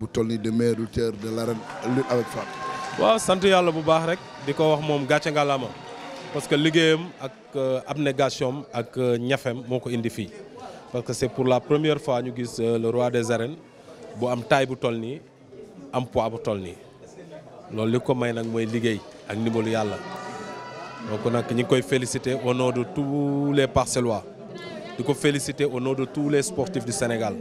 bu de de l'arène avec parce que ak euh, abnégation ak euh, ñafem parce que c'est pour la première fois nous euh, le roi des arènes bu am taille bu toll am poids bu Nous avons loolu may donc nous féliciter au nom de tous les Parcellois nous féliciter au nom de tous les sportifs du Sénégal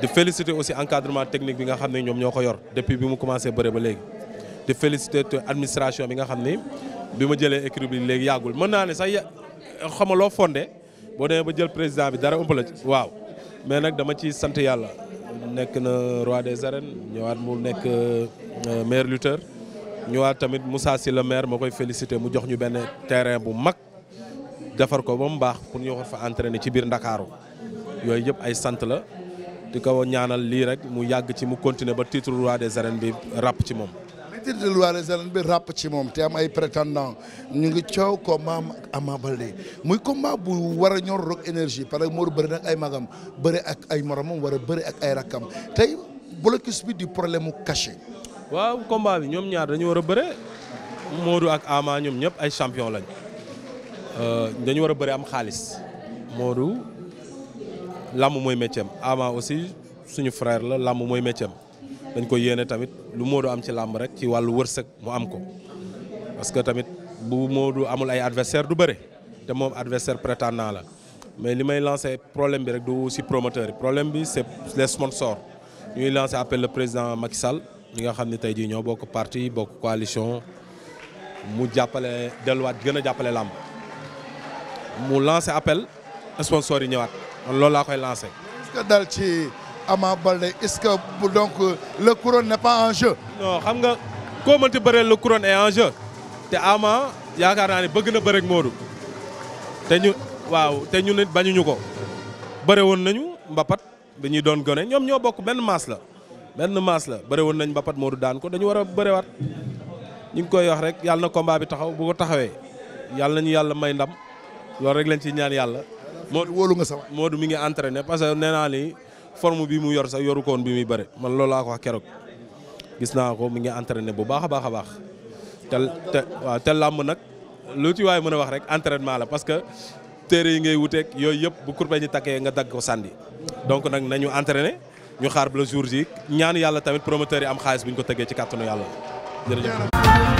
de féliciter aussi encadrement technique bi nga xamné ñom ñoko yor depuis bimu commencé bëre ba légui de féliciter administration bi nga xamné bima jëlé ma équipe bi légui yagul mëna né sax xama lo fondé bo demee ba jël président bi dara ëmp la ci waaw mais nak dama ci sant yalla nek na roi des arènes ñëwaat mu nek euh, maire lutteur ñëwaat tamit Moussa Sy le maire moo koy féliciter mu jox ñu ben terrain bu mag défar ko ba mu baax pour ñu fa entraîner ci biir Dakarou yoy yëp ay sant la di ko ñaanal lii rek mu yàgg ci mu continuer ba titre roi des arènes bi ràpp ci moom. titre roi des arènes ci moom te am ay prétendant ñu ngi coow combat Ama Baldé muy combat bu war a ñor Rock parce que moo bëri nag ay magam bëri ak ay moromam war bëri ak ay rakkam tey blocus bi di problème mu caché. waaw combat bi ñoom ñaar dañu war a bëre Modou ak Ama ñoom ñëpp ay champion lañ euh, dañu war a bëri am xaalis Modou. làmb mooy métier Ama aussi suñu frère la làmb mooy métier il dañ a yéene tamit lu Modou am ci làmb rek ci wàllu wërsëg mu am ko parce que tamit bu Modou amul ay adversaire du bëre te moom adversaire prétendant la mais li may lancé problème bi rek du promoteur problème bi c'est les sponsors ñuy lance appel le président Macky Sall ñi nga xam ne tey jii ñoo bokk parti bokk coalition mu jàppale delluwaat gën a jàppale làmb mu lancé appel sponsors yi ñëwaat man loolu laa koy lancé. est dal ci Ama Baldé est-ce que donc euh, le couronne n'est pas xam nga koo mënti bëreel le couronne est en te Ama yaakaar naa ne bëgg na bëreeg Modou te ñu waaw te ñu nit bañuñu ko bëre woon nañu mbappat bi doon gone ñoom ñoo bokk benn maas la benn maas la bëre woon nañ mbapat Modou daan ko dañu war a bërewaat ñu ngi koy wax rek yàlla na combat bi taxaw bu taxawee yàlla nañu yàlla may ndam loolu rek lañ ci ñaan yàlla. Modou wóolu nga sa waay mi ngi entraîné parce que nee naa ni forme bi mu yor sax yoru koon bi muy bëre man loolu laa ko wax keroog gis naa ko mi ngi entraîné bu baax a baax a baax te te waaw te làmb nag lu ci waay mën a wax rek entraînement la parce que téere yi ngay wuteeg yooyu yëpp bu kurpe ñu takkee nga dag ko sànni donc nag nañu entraîné ñu xaar ba le jour ji ñaan yàlla tamit promoteur yi am xaalis bu ñu ko tëggee ci kàttanu yàlla